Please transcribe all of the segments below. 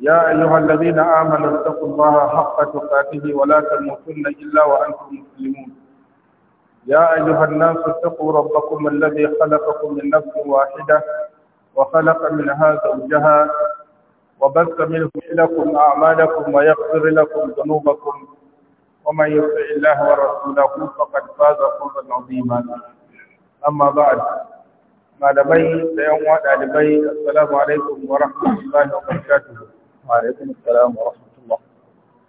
يا أيها الذين آمنوا اتقوا الله حق تقاته ولا تموتن إلا وأنتم مسلمون يا أيها الناس اتقوا ربكم الذي خلقكم من نفس واحدة وخلق منها زوجها وبث منه لكم أعمالكم ويغفر لكم ذنوبكم ومن يطع الله ورسوله فقد فاز فوزا عظيما أما بعد ما da yan wada dalibai assalamu alaikum wa rahmatullahi alaikum salam wa rahmatullah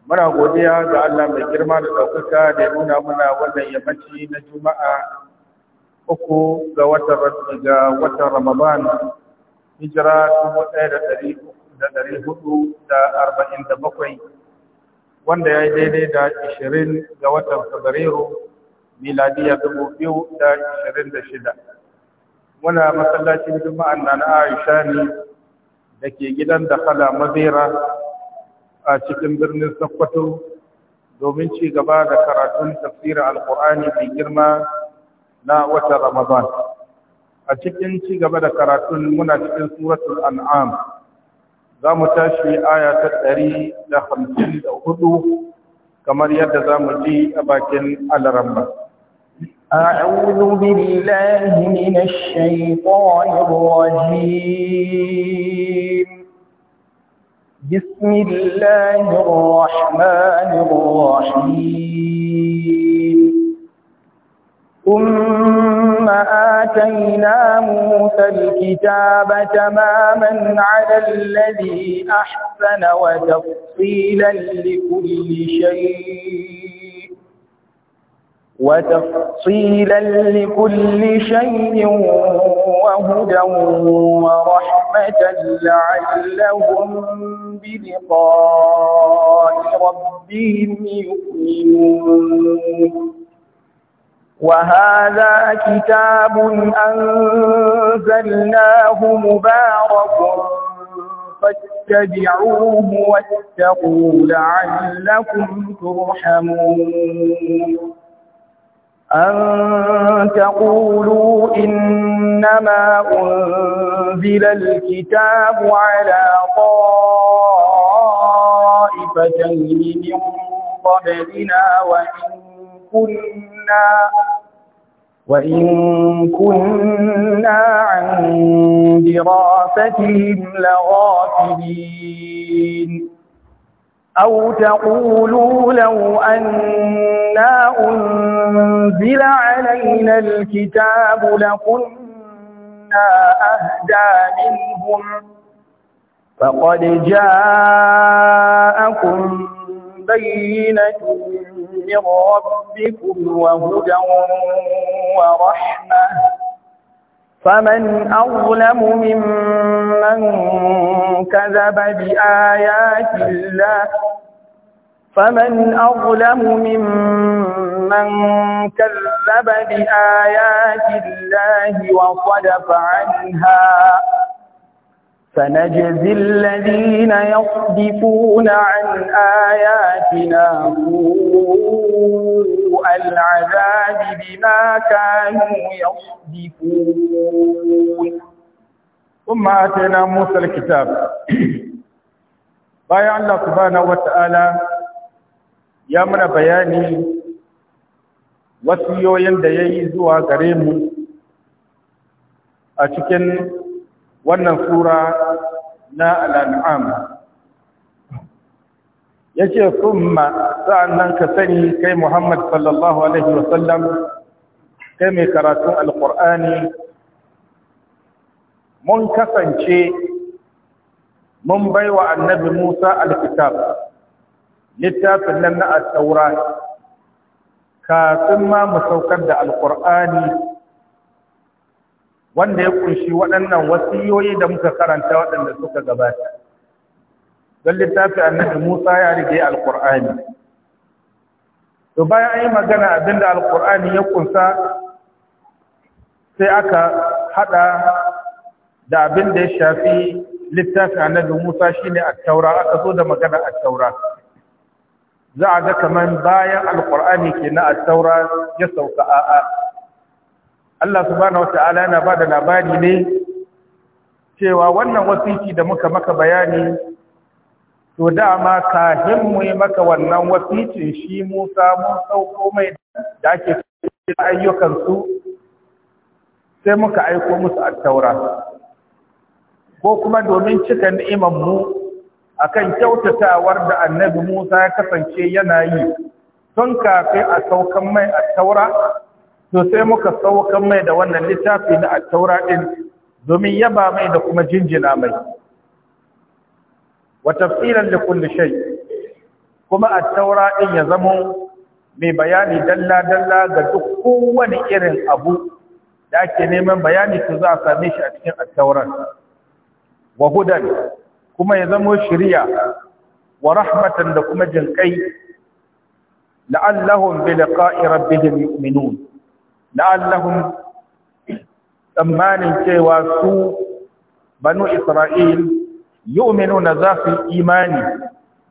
muna godiya ga Allah mai girma da ɗaukaka da ya nuna muna wannan yammaci na juma'a uku ga watan ga watan ramadan hijira dubu ɗaya da ɗari da ɗari hudu da arba'in da bakwai wanda ya yi daidai da ishirin ga watan fabrairu miladiya dubu biyu da ishirin da shida muna masallacin juma'an na a aisha ne da ke gidan da kala madera a cikin birnin Sokoto domin ci gaba da karatun tafsirin alkur'ani mai girma na wata Ramadan. A cikin ci gaba da karatun muna cikin suratul an'am za mu tashi aya ta ɗari da hamsin da hudu kamar yadda za mu ji a bakin alaramma. أعوذ بالله من الشيطان الرجيم بسم الله الرحمن الرحيم ثم آتينا موسى الكتاب تماما على الذي أحسن وتفصيلا لكل شيء وتفصيلا لكل شيء وهدى ورحمة لعلهم بلقاء ربهم يؤمنون وهذا كتاب أنزلناه مبارك فاتبعوه واتقوا لعلكم ترحمون أن تقولوا إنما أنزل الكتاب على طائفتين من قبلنا وإن كنا وإن كنا عن دراستهم لغافلين أو تقولوا لو أنا أنزل علينا الكتاب لكنا أهدى منهم فقد جاءكم بينة من ربكم وهدى ورحمة فمن أظلم ممن كذب بآيات الله فمن أظلم ممن كذب بآيات الله وصدف عنها سنجزي الذين يصدفون عن آياتنا سوء العذاب بما كانوا يصدفون ثم آتينا موسى الكتاب بايع الله سبحانه وتعالى يا من بياني وسيوين da ya yi zuwa wannan sura na al'an'am ya ce summa sa'annan ka sani kai muhammad sallallahu alaihi wasallam kai mai karatun alƙur'ani mun kasance mun bai wa annabi musa alkitab littafin nan na al kafin ma mu saukar da alƙur'ani wanda ya kunshi waɗannan wasiyoyi da muka karanta waɗanda suka gabata don littafi annabi Musa ya rige alkur'ani to bayan an yi magana abinda alkur'ani ya kunsa sai aka haɗa da abinda ya shafi littafi annabi Musa shine at aka zo da magana attaura. za a ga kamar bayan Alƙur'ani kenan na attaura ya sauka a'a Allah subhanahu wata'ala yana ba da labari ne cewa wannan wasiki da muka maka bayani to dama kahin mu yi maka wannan wasikin shi Musa mun sauko mai da ake ayyukansu sai muka aiko musu attaura ko kuma domin cika ni'imar mu akan kyautatawar da annabi Musa ya kasance yana yi tun kafin a saukan mai attaura to sai muka saukan mai da wannan littafi na attaura din domin yaba mai da kuma jinjina mai wa tafsilan li kulli shay kuma attaura din ya zamo mai bayani dalla dalla ga duk kowane irin abu da ake neman bayani to za a same shi a cikin attauran wa hudan kuma ya zamo shiriya wa rahmatan da kuma jinkai la'allahum bi liqa'i rabbihim yu'minun la'allahum tsammanin cewa su banu Isra'il yu'minuna za su imani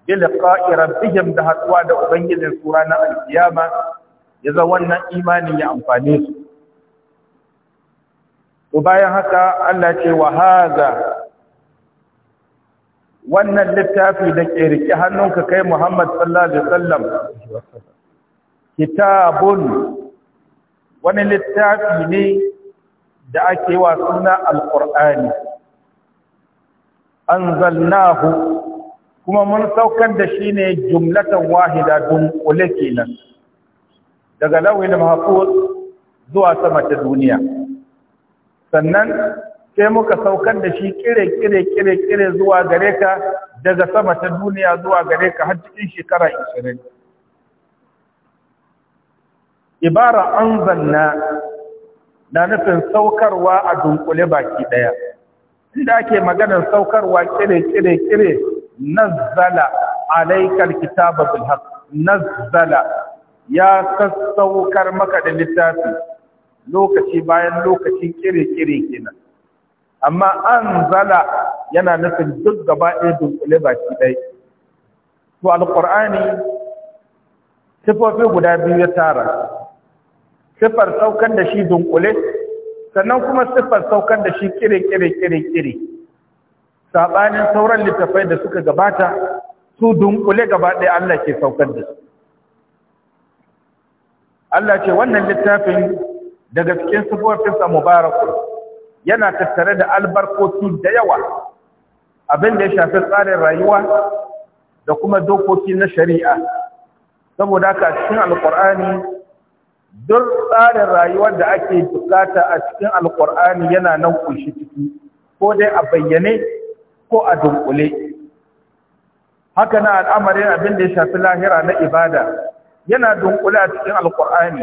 bi liqa'i rabbihim da haɗuwa da ubangijin sura na alkiyama ya za wannan imanin ya amfane su to bayan haka Allah ce wa haza wannan littafi da ke rike hannunka kai Muhammad sallallahu alaihi wasallam kitabun wani littafi ne da ake wa suna alƙur'ani an zalnahu kuma mun saukar da shi ne jumlatan wahida ke kenan daga lauyin mahafuz zuwa sama ta duniya sannan sai muka saukar da shi kire-kire-kire-kire zuwa gare ka daga sama ta duniya zuwa gare ka har cikin shekara 20 ibara an zanna na nufin saukarwa a dunkule baki ɗaya inda ake maganar saukarwa kire-kire-kire nazzala alaikar kitaba haqq nazzala ya sassaukar maka da littafi lokaci bayan lokaci kire-kire kenan amma an zala yana nufin duk gaba ɗaya dunkule baki ɗaya to alƙur'ani sifofi guda biyu ya tara Sifar saukan da shi dunkule sannan kuma sifar saukan da shi kire-kire-kire-kire saɓanin sauran littafai da suka gabata su dunkule gaba ɗaya Allah ke saukan da su Allah ce wannan littafin daga cikin siffofinsa mubarakun yana tattare da albarkoki da yawa abin da ya shafi tsarin rayuwa da kuma dokoki na shari'a saboda haka cikin alkur'ani duk tsarin rayuwar da ake bukata a cikin alkur'ani yana nan kunshi ciki ko dai a bayyane ko a dunkule haka na al'amarin abin da ya shafi lahira na ibada yana dunkule a cikin alkur'ani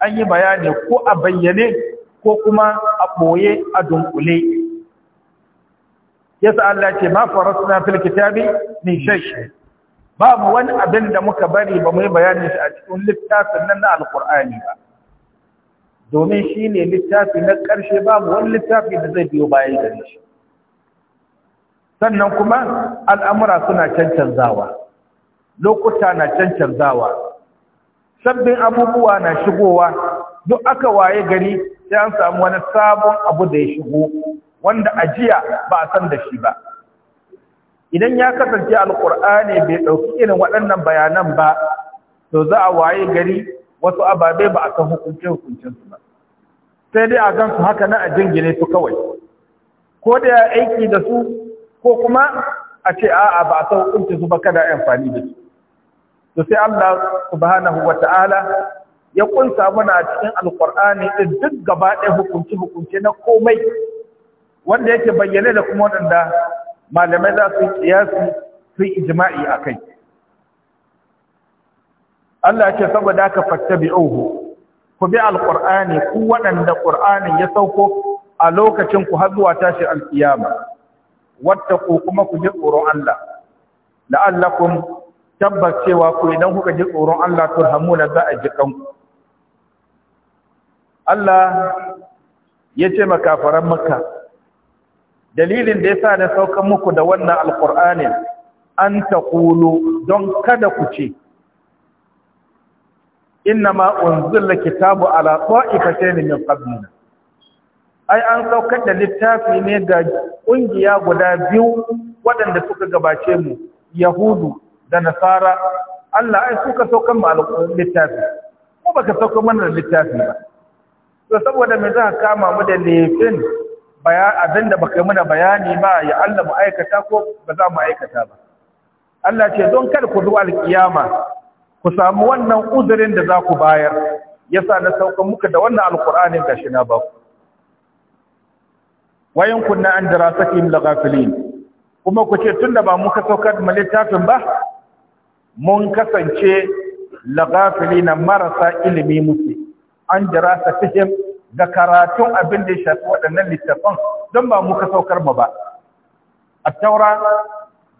an yi bayani ko a bayyane ko kuma a ɓoye a dunkule yasa Allah ce ma farasna fil kitabi min shay babu wani abin da muka bari ba mai bayanin shi a cikin littafin nan na alkur'ani ba domin shi ne littafi na ƙarshe babu wani littafi da zai biyo bayan gare shi sannan kuma al'amura suna cancanzawa lokuta na cancanzawa sabbin abubuwa na shigowa duk aka waye gari sai an samu wani sabon abu da ya shigo wanda ajiya ba a san da shi ba idan ya kasance alkur'ani bai ɗauki irin waɗannan bayanan ba to za a waye gari wasu ababe ba a kan hukunce hukuncensu ba sai dai a gansu haka na a jingine su kawai ko da ya aiki da su ko kuma a ce a'a ba a san su ba kada amfani da su to sai Allah subhanahu wata'ala ya kunsa mana a cikin alkur'ani din duk gaba ɗaya hukunce hukunce na komai wanda yake bayyane da kuma waɗanda malamai za su yi kiyasi su ijma'i a kai Allah ce saboda ka fattabi'uhu ku bi alqur'ani ku waɗanda qur'anin ya sauko a lokacin ku har zuwa tashi alkiyama ku kuma ku ji tsoron Allah la'allakum tabbas cewa ku idan kuka ji tsoron Allah turhamuna za a ji kanku Allah ya ce makafaran Makka dalilin da yasa na saukan muku da wannan alqur'anin an taqulu don kada ku ce innama unzila kitabu ala qa'ifatin min qablina ai an saukar da littafi ne ga kungiya guda biyu waɗanda suka gabace mu yahudu da nasara Allah ai suka saukar mu littafi ko baka saukar mana littafi ba to saboda me za ka kama mu da lefin abin da baka muna bayani ba ya Allah mu aikata ko ba za mu aikata ba Allah ce don kada ku zuwa alkiyama ku samu wannan uzurin da za ku bayar yasa na sauka muka da wannan ga shi na ba ku wayan kunna an dirasatihim laghafilin kuma ku ce tunda ba muka saukar mu littafin ba mun kasance laghafilin marasa ilimi muke an dirasatihim da karatun abin da ya shafi waɗannan littafan don ba mu ka saukar mu ba a taura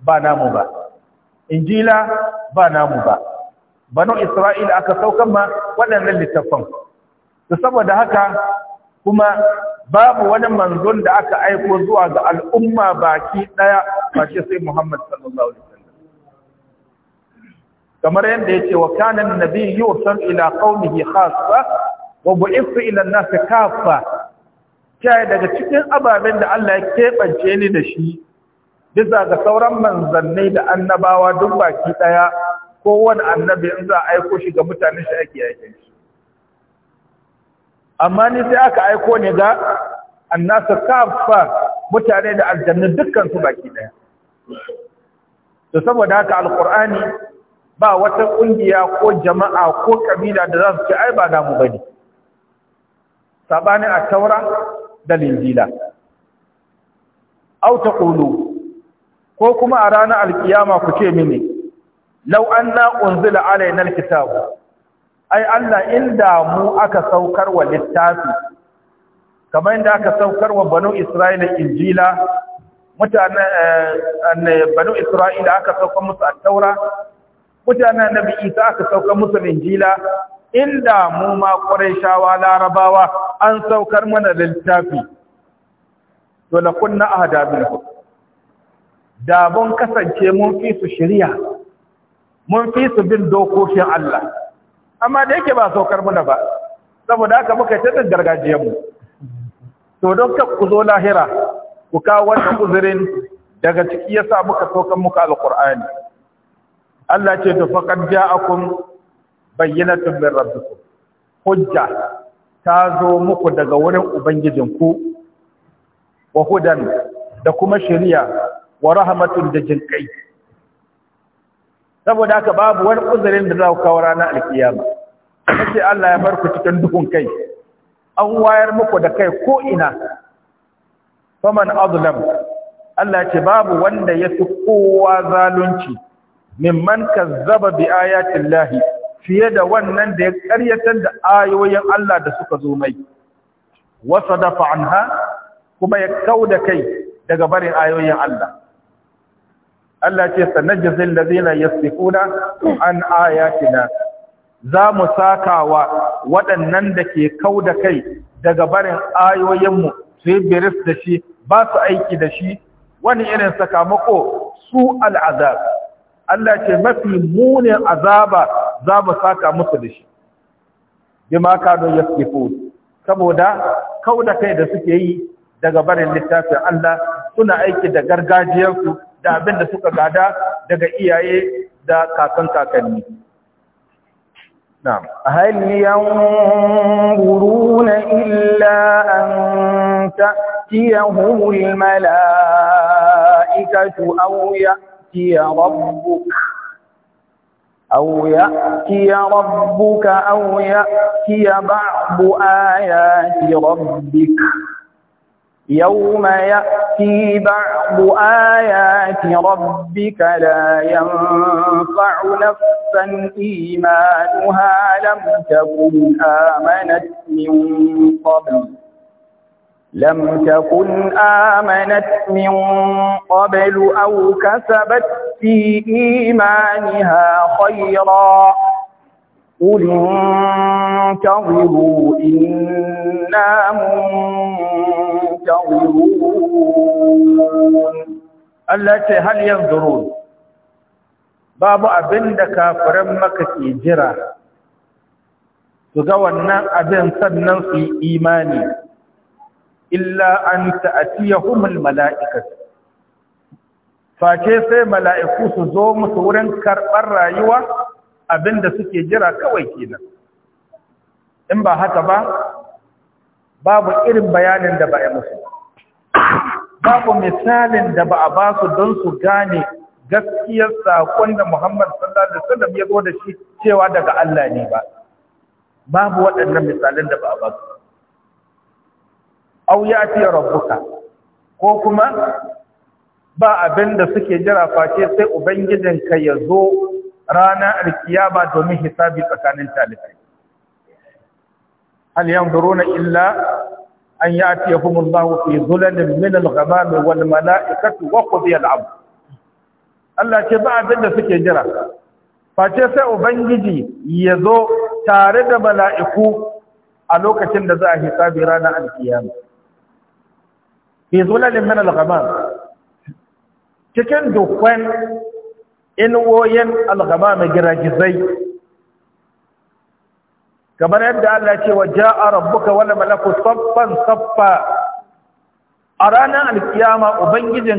ba namu ba injila ba namu ba banu isra'ila aka saukar ma waɗannan littafan Da saboda haka kuma babu wani manzon da aka aiko zuwa ga al'umma baki ɗaya ba ce sai muhammad sallallahu alaihi kamar yadda ya ce wa kanan nabi san ila qaumihi ba? wa bu'ithu ila an kafa, kai daga cikin ababen da Allah ya keɓance ni da shi bisa ga sauran manzannai da annabawa duk baki daya wani annabi in za a aiko shi ga mutanen shi ake aikin shi amma ni sai aka aiko ni ga annasu kafa mutane da aljanna dukkan su baki daya to saboda haka alqur'ani ba wata kungiya ko jama'a ko kabila da za su ce ai ba namu bane sabanin a taura da linjila au taqulu ko kuma a ranar alkiyama ku ce mini law anna unzila alaina alkitab ai Allah inda mu aka saukar wa littafi kamar inda aka saukar wa banu isra'ila injila mutanen eh, eh, banu isra'ila aka saukar musu at-taura mutanen nabi isa aka saukar musu injila inda mu ma shawa larabawa an saukar mana littafi to la kunna ahada ku. da bun kasance mun fi su shari'a mun fi su bin dokokin Allah amma da yake ba saukar mana ba saboda haka muka ta gargajiyar mu to don ka ku zo lahira ku kawo wannan uzurin daga ciki yasa muka saukar muka alqur'ani Allah ce to faqad ja'akum bayyanatun min rabbikum hujja ta zo muku daga wurin ubangijinku wa hudan da kuma shari'a wa rahmatun da jinkai saboda haka babu wani uzurin da za ku kawo ranar alkiyama sai Allah ya bar ku cikin duhun kai an wayar muku da kai ko ina faman azlam Allah ce babu wanda ya fi kowa zalunci mimman kazzaba bi ayatin fiye da wannan da ya ƙaryatar da ayoyin Allah da suka zo mai wasa dafa anha kuma ya kau da kai daga barin ayoyin Allah Allah ce sanajizil ladina yasifuna an ayatina za mu sakawa waɗannan da ke kau da kai daga barin ayoyinmu su yi biris da shi ba su aiki da shi wani irin sakamako su al'azab Allah ce mafi munin azaba za mu saka musu da shi bima kanu yasifun saboda kauda kai da suke yi daga barin littafin Allah suna aiki da gargajiyarsu da abin da suka gada daga iyaye da kakan kakanni Na'am hal yanzuruna illa an تأتيهم الملائكة aw ya يأتي ربك أو يأتي ربك أو يأتي بعض آيات ربك يوم يأتي بعض آيات ربك لا ينفع نفسا إيمانها لم تكن آمنت من قبل لم تكن آمنت من قبل أو كسبت في إيمانها خيرا قل انتظروا إنا منتظرون التي هل ينظرون babu abin da kafiran maka ke jira su ga wannan abin sannan su yi imani illa an ta'tiyahumul mala'ikatu face sai mala'iku su zo musu wurin karɓar rayuwa abinda suke jira kawai kenan in ba haka ba babu irin bayanin da ba ya musu babu misalin da ba a ba su don su gane gaskiyar saƙon da Muhammad sallallahu alaihi wasallam ya zo da shi cewa daga Allah ne ba babu waɗannan misalan da ba a ba su au yati rabbuka ko kuma ba abin da suke jira face sai ubangijinka ya zo rana alkiyama domin hisabi tsakanin talibai hal yanzuruna illa an yatiyahumullahu fi zulalin min al ghamam wal mala'ikatu wa qudiya al-amr Allah ce ba abin da suke jira face sai ubangiji ya zo tare da mala'iku a lokacin da za a hisabi rana alkiyama fi zulalin min al-ghamam cikin dukkan inuwoyin al gira gizai? kamar yadda Allah ce wa a rabuka wani malaku saffan saffa a ranar alkiyama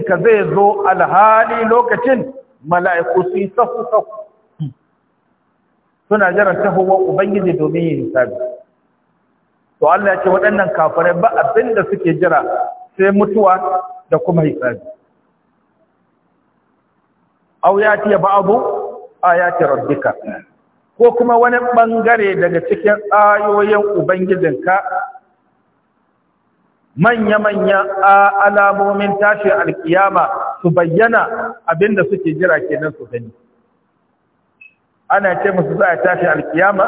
ka zai zo alhali lokacin mala'iku su yi safu suna jiran tafowar ubangiji domin yin hisabi to Allah ya ce waɗannan kafirai ba abin da suke jira sai mutuwa da kuma hisabi aw yati ba'du ayati rabbika ko kuma wani bangare daga cikin ayoyin ubangijinka manya-manyan alamomin tashi alkiyama su bayyana abinda suke jira kenan su gani ana ce musu za a tashi alkiyama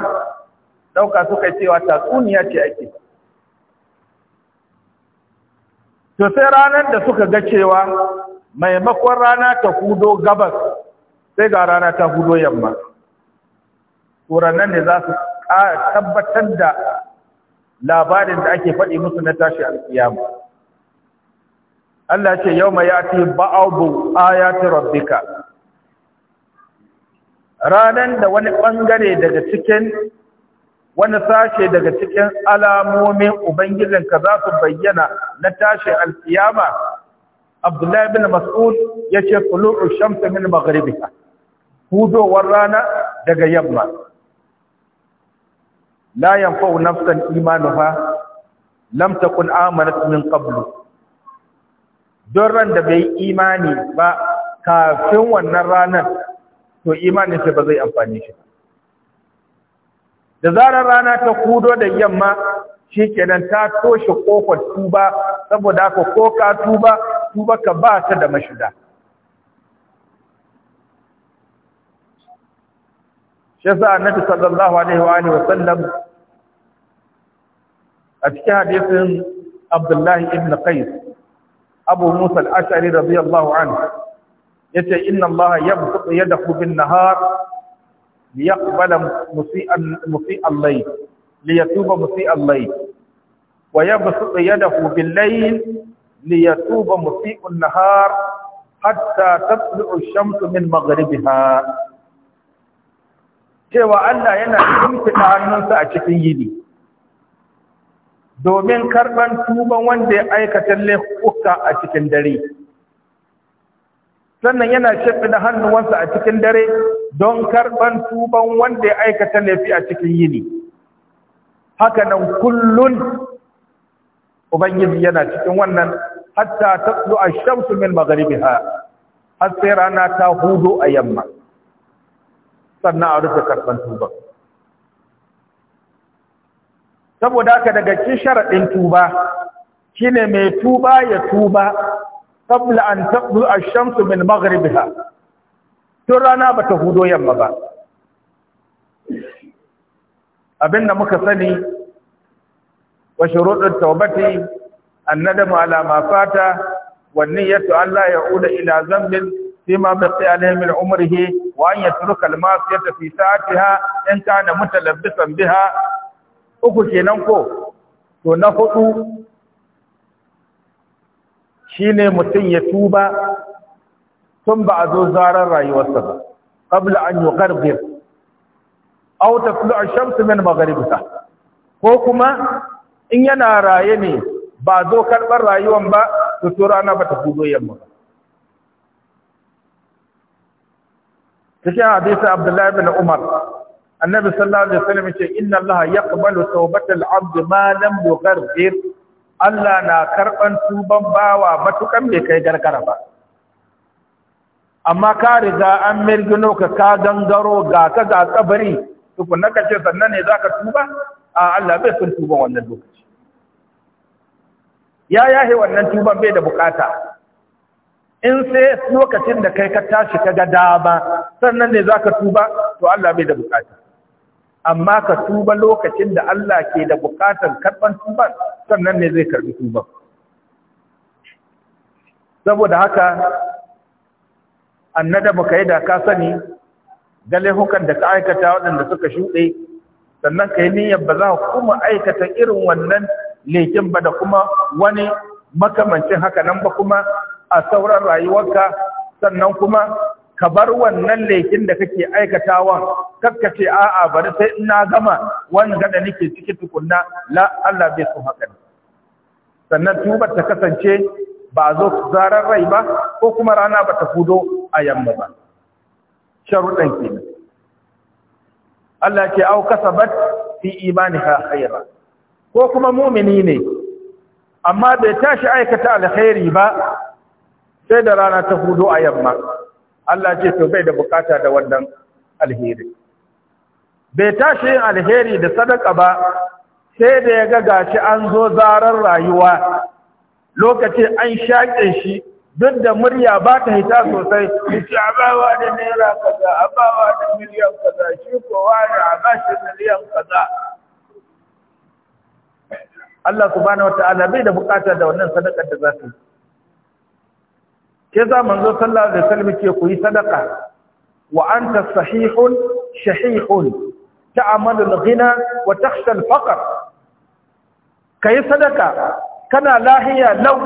ɗauka suka cewa tatsuniya ce ake to sai ranar da suka ga cewa maimakon rana ta hudo gabas sai ga rana ta hudo yamma turannan ne za su tabbatar da labarin da ake faɗi musu na tashi alkiyama Allah ce yau mai yati ba'adu ayati rabbika Ranar da wani ɓangare daga cikin wani sashe daga cikin alamomin ubangijinka za su bayyana na tashin alkiyama abdullahi bin mas'ud ya ce tulu'u shamsu min maghribiha hudowar rana daga yamma la yanfa'u nafsan imanuha lam takun amanat min qablu don ran da bai imani ba kafin wannan ranar to imanin shi ba zai amfane shi ba da zarar rana ta kudo da yamma shi kenan ta toshe kofar tuba saboda ko ka tuba tuba ka ba ta da mashida. shi yasa annabi sallallahu alaihi wa alihi wa sallam a cikin hadisin Abdullahi ibn Qais Abu Musa al-Ash'ari radiyallahu anhu yace inna allaha yabsutu yadahu bin nahar ليقبل مسيء مسيء الليل ليتوب مسيء الليل ويبسط يده بالليل ليتوب مسيء النهار حتى تطلع الشمس من مغربها cewa Allah yana shimfiɗa hannunsa a cikin yini domin karɓar tuban wanda ya aikata laifuka a cikin dare sannan yana shafi da hannuwansa a cikin dare don karban tuban wanda ya aikata laifi a cikin yini haka nan kullun ubangiji yana cikin wannan hatta ta tatlu a shamsu min maghribiha har sai rana ta hudu a yamma sannan a rufe karban tuban saboda haka daga cikin sharaɗin tuba shine mai tuba ya tuba qabla an taqdu ash-shamsu min maghribiha tun rana bata hudo yamma ba abinda muka sani wa shuruɗin taubati annadamu ala ma fata wa niyyatu Allah ya uda ila zambin fima baqi alayhi min umrihi wa an yatruka al-ma'siyata fi sa'atiha in kana mutalabbisan biha uku kenan ko to na hudu shine mutum ya tuba tun ba a zo zarar rayuwarsa ba qabla an yuqarbir aw taflu ash-shamsu min magharibta ko kuma in yana raye ne ba zo karbar rayuwan ba to to rana ba ta fudo yamma ba cikin hadisi abdullahi bin umar annabi sallallahu alaihi wasallam ce inna allaha yaqbalu tawbatal abdi ma lam yuqarbir Allah na karɓan tuban bawa matukan bai kai gargara ba amma ka riga an mirgino ka ka gangaro ga ka ga kabari tukun na kace sannan ne ka tuba a Allah bai sun tuba wannan lokaci ya yahe wannan tuban bai da bukata in sai lokacin da kai ka tashi ka ga dama sannan ne ka tuba to Allah bai da bukata amma ka tuba lokacin da Allah ke da bukatar karban tuba, sannan ne zai karbi tuban saboda haka annada baka yi da ka sani gale hukan da ka aikata waɗanda suka shuɗe sannan ka yi niyyar ba za ku kuma aikata irin wannan lekin ba da kuma wani makamancin haka nan ba kuma a sauran rayuwarka sannan kuma ka bar wannan lekin da kake aikatawa, kakka ce a'a bari sai in na gama wanda da nake ciki tukunna la Allah bai so haka sannan tubar ta kasance ba zo zarar rai ba ko kuma rana ba ta fudo a yamma ba sharuɗan kenan Allah ce au kasabat fi ha khaira ko kuma mumini ne amma bai tashi aikata alkhairi ba sai da rana ta hudu a yamma Allah ce to bai da bukata da wannan alheri bai tashi yin alheri da sadaka ba sai da ya ga gashi an zo zarar rayuwa lokaci an shaƙe shi duk da murya ba ta hita sosai ce abawa da naira kaza abawa da miliyan kaza shi kowa da abashi miliyan kaza Allah subhanahu wataala bai da bukata da wannan sadaka da za ta yi ke za manzo sallallahu alaihi wasallam ke ku yi sadaka wa anta sahihun shahihun ta'malu al-ghina wa takhsha al-faqr kai sadaka kana lahiya law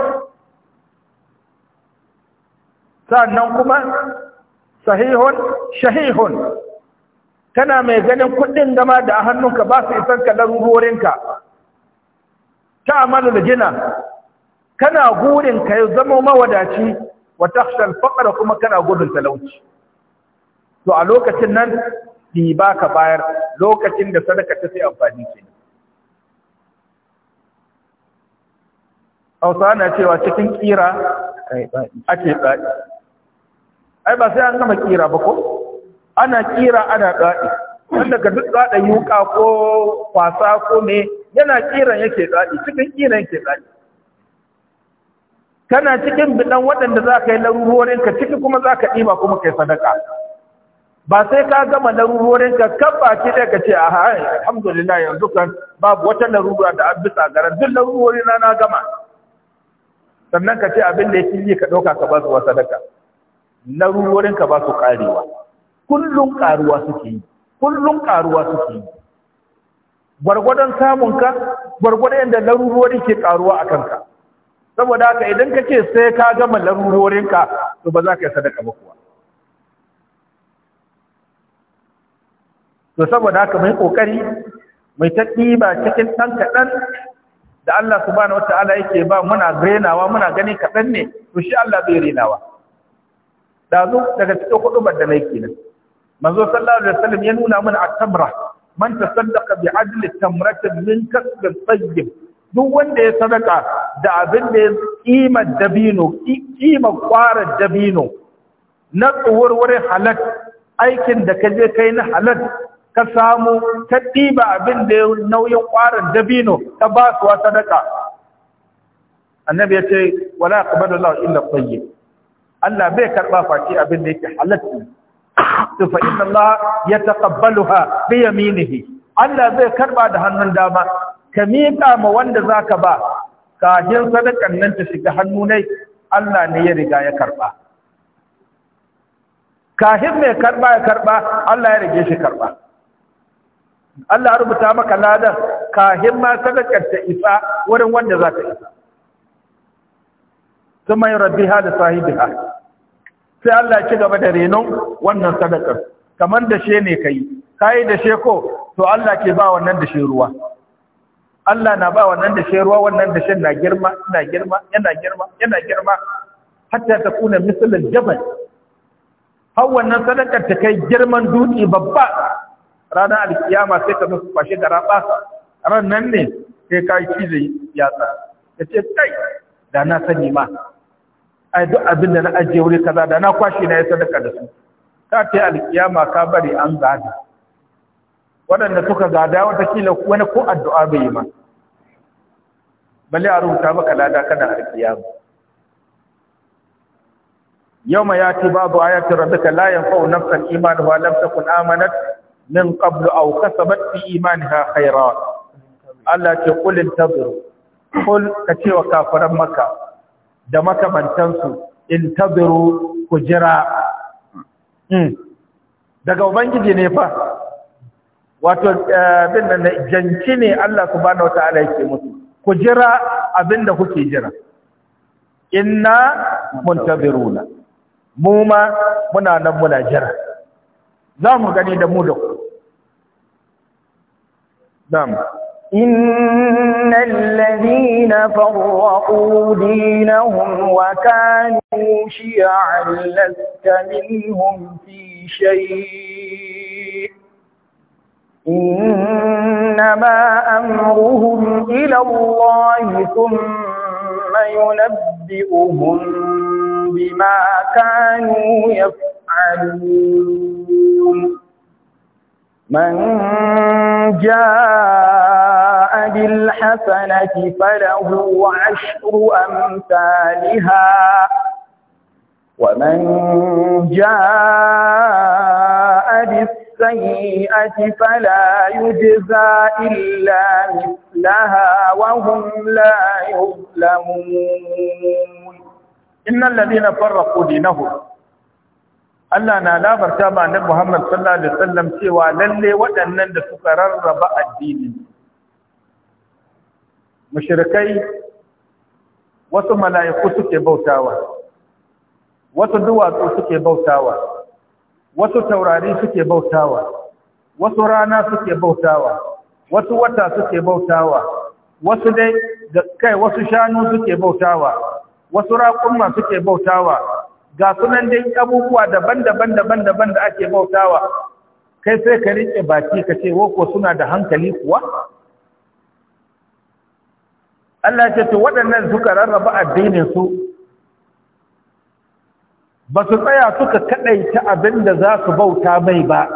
sannan kuma sahihun shahihun kana mai ganin kudin gama da hannunka ba su isan ka larurorinka ta'malu al-ghina kana gurin ka zama mawadaci wa takhshal kuma kana gudun talauci to a lokacin nan ɗiba ka bayar lokacin da sadaka ta sai amfani ke Hausa na cewa cikin ƙira ake tsadi Ai, ba sai an gama ƙira ba ko? Ana ƙira ana tsadi Wanda ga duk tsaɗa yuka ko kwasa ko me yana kiran yake tsadi cikin kiran yake tsadi kana cikin bidan waɗanda za ka yi laruruwarinka ciki kuma za ka ɗiba kuma kai sadaka ba sai ka gama laruruwarinka kan baki ɗaya ka ce a hain alhamdulillah yanzu kan babu wata larura da abu bisa garan duk larurorina na gama sannan ka ce abin da ya yi ka ɗauka ka ba su wa sadaka laruruwarinka ba su ƙarewa kullum ƙaruwa suke yi kullum ƙaruwa suke yi gwargwadon samunka gwargwadon yadda larurorin ke ƙaruwa a kanka saboda haka idan kake sai ka gama ka, to ba za ka yi sadaka ba kuwa to saboda haka mai kokari mai ta ba cikin ɗan kaɗan da Allah subhanahu wata'ala yake ba muna renawa muna gani kaɗan ne to shi Allah bai renawa dazu daga cikin hudubar da mai kenan manzo sallallahu alaihi wasallam ya nuna mana at-tamra man tasaddaqa bi adli tamratin min kasbin tayyib duk wanda ya sadaka da abin da ya kima dabino kima kwarar dabino na tsuwurwurin halak aikin da ka je kai na halak ka samu ka ɗiba abin da ya nauyin kwarar dabino ta ba su wa sadaka annabi ya ce wala qabala Allah illa tayyib Allah bai karɓa faci abin da yake halatti fa inna Allah yataqabbaluha bi yaminihi Allah zai karba da hannun dama ka miƙa ma wanda za ka ba kafin sadakan nan ta shiga hannu Allah ne ya riga ya karɓa kafin mai karɓa ya karɓa Allah ya rige shi karɓa Allah ya rubuta maka ladan kafin ma sadakan ta isa wurin wanda za ka isa da sahibi ha, sai Allah ci gaba da renon wannan sadakar kamar da shi ne ka yi, ka yi da shi ko to Allah ke ba wannan da shi ruwa Allah na ba wannan da shan ruwa wannan da shan na girma na girma yana girma yana girma hatta ta kuna misalin jabal har wannan sadakar ta kai girman dutse babba ranar alkiyama sai ka musu kwashe da raba ran nan ne sai ka yi zai yatsa ya ce kai da na sani ma ai duk abin da na ajiye wuri kaza da na kwashe na ya sadaka da su ka ta alkiyama ka bari an gada waɗanda suka gada kila wani ko addu'a bai yi ma balle a rubuta maka lada kana alkiyama yawma yati babu ayati rabbika la yanfa'u nafsan imanuha lam takun amanat min qablu aw kasabat fi imanha khayra Allah ce qul intabiru qul kace wa kafaran maka da su intabiru ku jira hmm. daga ubangiji ne fa wato eh, bin nan janci ne Allah subhanahu ta'ala yake musu ku jira abinda kuke jira inna muntabiruna mu ma muna nan muna jira za mu gani da mu da ku نعم إن الذين فرقوا دينهم وكانوا شيعا لست منهم في شيء إنما أمرهم إلى الله ثم ينبئهم بما كانوا يفعلون من جاء بالحسنة فله عشر أمثالها ومن جاء بالسنة السيئة فلا يجزى إلا مثلها وهم لا يظلمون إن الذين فرقوا دينهم Allah na labarta ba na Muhammad sallallahu Alaihi wasallam cewa lalle waɗannan da suka rarraba addini. Mushirikai wasu mala'iku suke bautawa, wasu duwatsu suke bautawa, wasu taurari suke bautawa wasu rana suke bautawa wasu wata suke bautawa wasu dai da kai wasu shanu suke bautawa wasu raƙumma suke bautawa ga sunan dai abubuwa daban-daban daban-daban da ake bautawa kai sai ka riƙe baki ka ce woko suna da hankali kuwa Allah ya ce to waɗannan suka rarraba addinin su ba su tsaya suka kaɗaita abin da za su bauta mai ba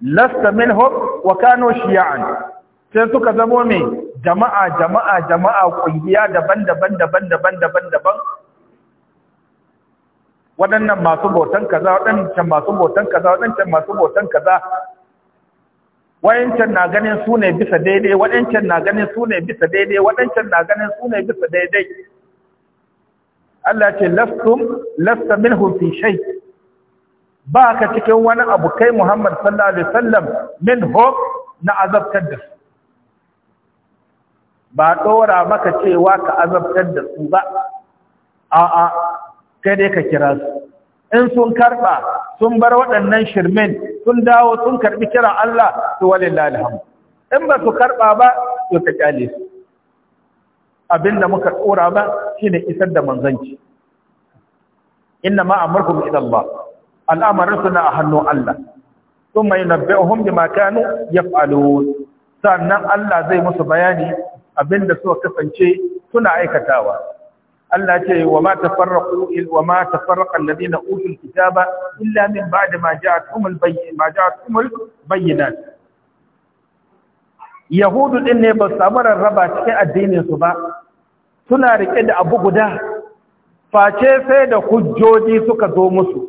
lasta minhum wa kano shiya'an sai suka zamo mai jama'a jama'a jama'a ƙungiya daban-daban daban-daban daban-daban waɗannan masu bautan kaza waɗancan masu bautan kaza waɗancan masu bautan kaza wayancan na ganin su ne bisa daidai waɗancan na ganin su ne bisa daidai waɗancan na ganin su ne bisa daidai Allah ce lastum lasta minhu fi shay ba ka cikin wani abu kai Muhammad sallallahu alaihi wasallam minhum na azabtar da su ba dora maka cewa ka azabtar da su ba a'a kai dai ka kira su in sun karba sun bar waɗannan shirmin sun dawo sun karbi kiran Allah to walillahi alhamd in ba su karba ba to ka kyale su abinda muka tsora ba shine isar da manzanci inna ma amarkum ila Allah al'amarsuna a hannun Allah thumma yunabbi'uhum bima kanu yaf'alun sannan Allah zai musu bayani abinda suka kasance suna aikatawa Allah ce wa ma tafarraqu il wa ma tafarraqa alladhina utul kitaba illa min ba'di ma ja'atuhumul bayyinat ma bayyinat yahudu ɗin ne ba su samu rarraba cikin addininsu ba suna riƙe da abu guda face sai da hujjoji suka zo musu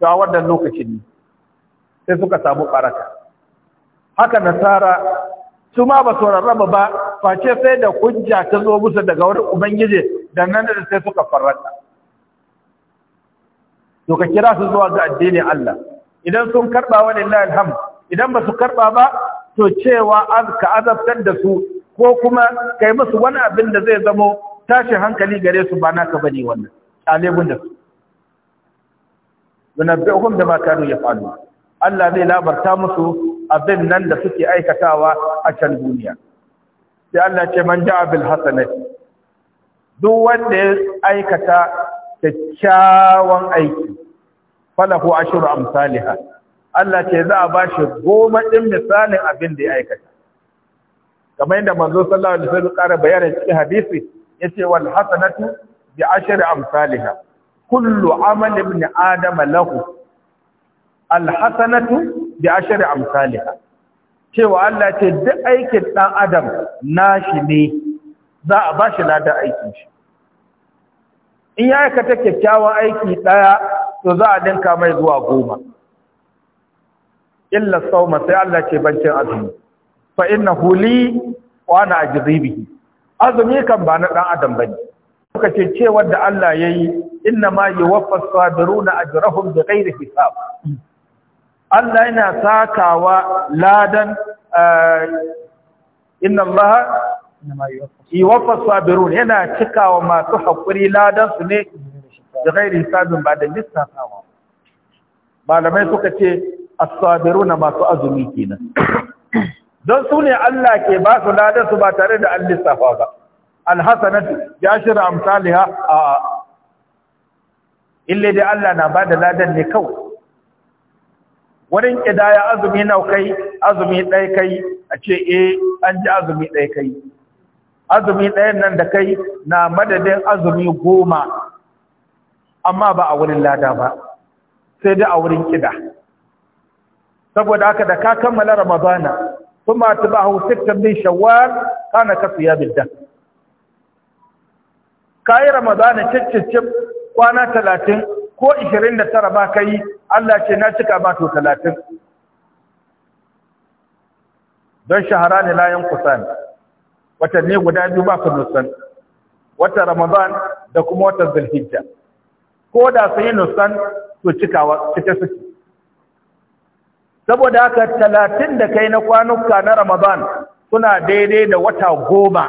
to a lokacin ne sai suka samu ɓaraka haka nasara su ma ba su rarraba ba face sai da hujja ta zo musu daga wani ubangiji da nan da sai suka farraka to ka kira su zuwa ga addinin Allah idan sun karba wani idan ba su karɓa ba to cewa ka azabtar da su ko kuma kai musu wani abin da zai zamo tashin hankali gare su ba naka bane wannan alebun da su yunabbi'uhum bima kanu yaf'alun Allah zai labarta musu abin nan da suke aikatawa a can duniya sai Allah ce man ja'a bil hasanati duk wanda ya aikata kyakkyawan aiki falahu ashru amsalihah Allah ce za a bashi goma ɗin misalin abin da ya aikata kamar yadda manzo sallallahu alaihi wasallam ƙara bayanin cikin hadisi yace wal hasanatu bi ashri amsalha kullu amali ibn adam lahu al hasanatu bi ashri amsalha cewa Allah ce duk aikin dan adam nashi ne za a bashi lada aikin shi in ya aikata kyakkyawan aiki daya to za a dinka mai zuwa goma illa sauma sai Allah ce bancin azumi fa innahu huli wa ana ajzi azumi kan ba na dan adam bane kuka ce cewar da Allah yayi inna ma yuwaffa as-sabiruna ajrahum bighairi hisab Allah yana sakawa ladan eh, inna Allah yuwaffa sabirun yana cikawa masu hakuri ladan su ne bighairi hisabin ba da lissafawa malamai suka ce as-sabiruna masu azumi kenan don su ne Allah ke ba su ladan su ba tare da an lissafa ba Alhassanatu ya shira amsaliha a ille dai Allah na ba da ladan ne kawai wurin ya azumi nau kai azumi ɗaya kai a ce e an ji azumi ɗaya kai azumi ɗayan nan da kai na madadin azumi goma amma ba a wurin lada ba sai dai a wurin ƙida saboda haka da ka kammala ramadana kuma ثم اتبعه ستا من شوال كان كصيام الدهر kai ramadana ciccicin kwana talatin ko ishirin da tara ba ka yi Allah ce na cika ba to talatin don shahara ne layan kusan watanni guda biyu ba ku nusan wata ramadan da kuma wata zulhijja ko da sun yi nusan to cikawa cike suke saboda haka talatin da kai na kwanuka na ramadan suna daidai da wata goma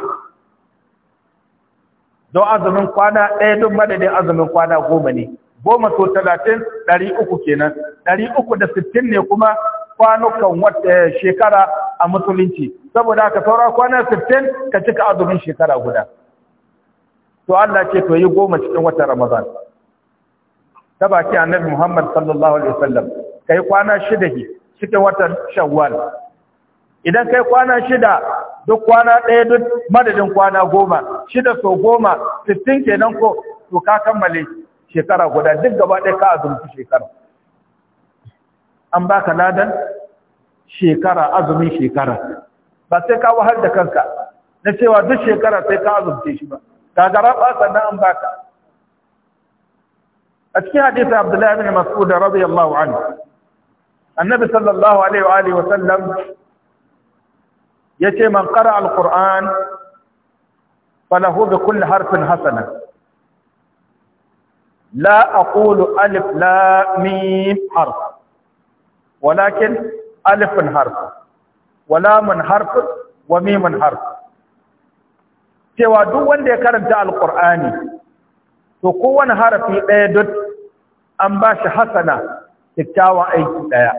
don azumin kwana ɗaya duk madadin azumin kwana goma ne goma so talatin ɗari uku kenan ɗari uku da sittin ne kuma kwanukan eh, shekara a musulunci saboda haka saura kwana sittin ka cika azumin shekara guda to Allah ce to yi goma cikin wata Ramadan ta baki annabi Muhammad sallallahu alaihi wasallam kai kwana shida ke. cikin watan shawwal idan kai kwana shida duk kwana ɗaya duk madadin kwana goma shida so goma sittin kenan ko to ka kammale shekara guda duk gaba ɗaya ka azumci shekara an baka ladan shekara azumin shekara ba sai ka wahal da kanka na cewa duk shekara sai ka azumce shi ba gara ba sannan an baka a cikin hadisi abdullahi bin mas'ud radiyallahu anhu annabi sallallahu alaihi wa sallam ya ce man ƙara alƙur'an falahu bi kulli harfin hasana la aqulu alif la mim harf walakin alifun harf wa lamun harf wa mimun harf cewa duk wanda ya karanta alƙur'ani to kowane harafi ɗaya duk an ba shi hasana kyakkyawan aiki daya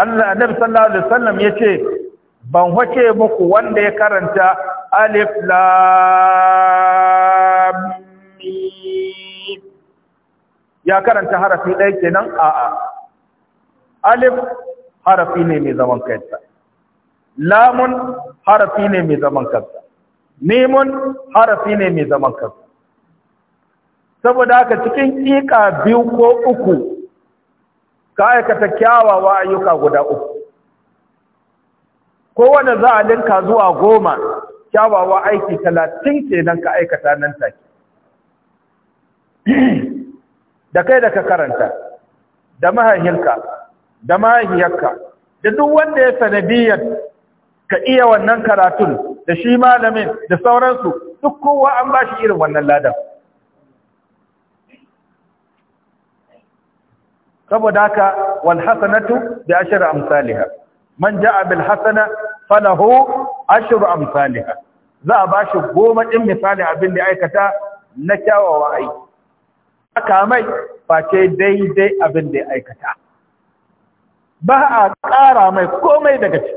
Allah annabi sallallahu alaihi wasallam yace ban hoce muku wanda ya karanta alif lam mim ya karanta harafi ɗaya kenan a'a alif harafi ne mai zaman kansa lamun harafi ne mai zaman kansa mimun harafi ne mai zaman kansa saboda haka cikin ƙiƙa biyu ko uku ka aikata kyawawa ayyuka guda uku kowane za a linka zuwa goma kyawawa aiki talatin kenan ka aikata nan take da kai da ka karanta da mahaihinka da mahaihiyarka da duk wanda ya sanadiyar ka iya wannan karatun da shi malamin da sauransu duk kowa an ba shi irin wannan ladan saboda haka wal hasanatu bi ashri amsalha man jaa bil hasana falahu ashru amsalha za a bashi goma din misali abin da aikata na kyawawa aiki aka mai ce daidai abin da ya aikata ba a ƙara mai komai daga ci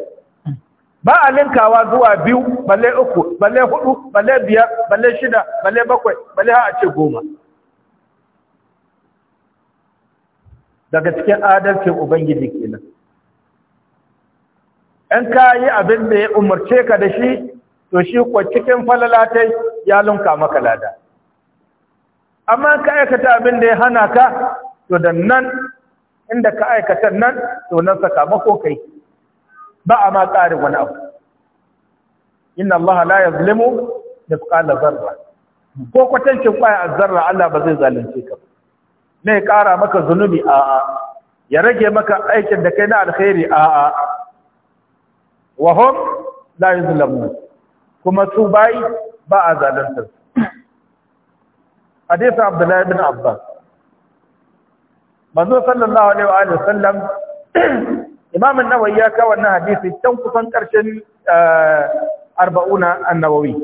ba a linkawa zuwa biyu balle uku balle hudu balle biyar balle shida balle bakwai balle a ce goma daga cikin adalcin ubangiji kenan ‘Yan ka yi abin da ya umarce ka da shi to shi kwa cikin falalatai ya lunka maka lada amma ka aikata abin da ya hana ka to da nan inda ka aikata nan to nan mako kai ba a ma wani abu inna Allah la yazlimu mithqala zarra ko kwatancin kwaya zarra Allah ba zai zalunce ka ba ne ƙara maka zunubi a'a ya rage maka aikin da kai na alkhairi a'a wa hum la yuzlamun kuma su bai ba a zalunta hadisi abdullahi bin abbas manzo sallallahu alaihi wa alihi sallam imam an-nawawi ya kawo wannan hadisi tan kusan karshen eh, arba'una an-nawawi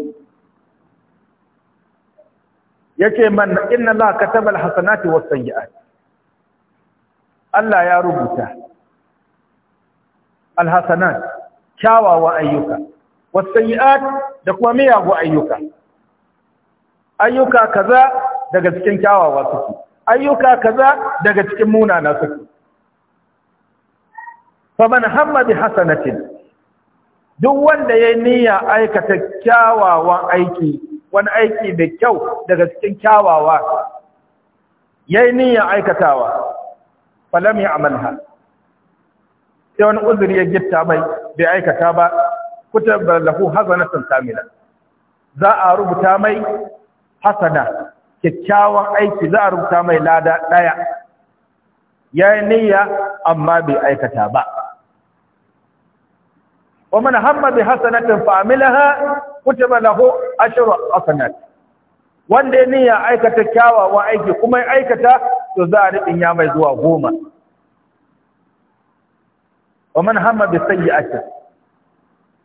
yace man inna allaha kataba alhasanati was-sayyi'ati Allah ya rubuta Alhassanati kyawawan ayyuka was-sayyi'at da kuma miyagun ayyuka ayyuka kaza daga cikin kyawawa suke ayyuka kaza daga cikin munana suke faman hamma bi hasanatin duk wanda yi niyya aikata kyawawan aiki wani aiki mai kyau daga cikin kyawawa yi niyyar aikatawa falam ya amalha sai wani uzuri ya gitta mai bai aikata ba kutaba lahu hasanatun kamila za a rubuta mai hasana kyakkyawan aiki za a rubuta mai lada daya yayi niyya amma bai aikata ba ومن هم بحسنة فعملها كتب له عشر حسنات wanda ne ya aikata kyawawan aiki kuma ya aikata to za a riɗin ya mai zuwa goma wa man hamma bi sayyi'ati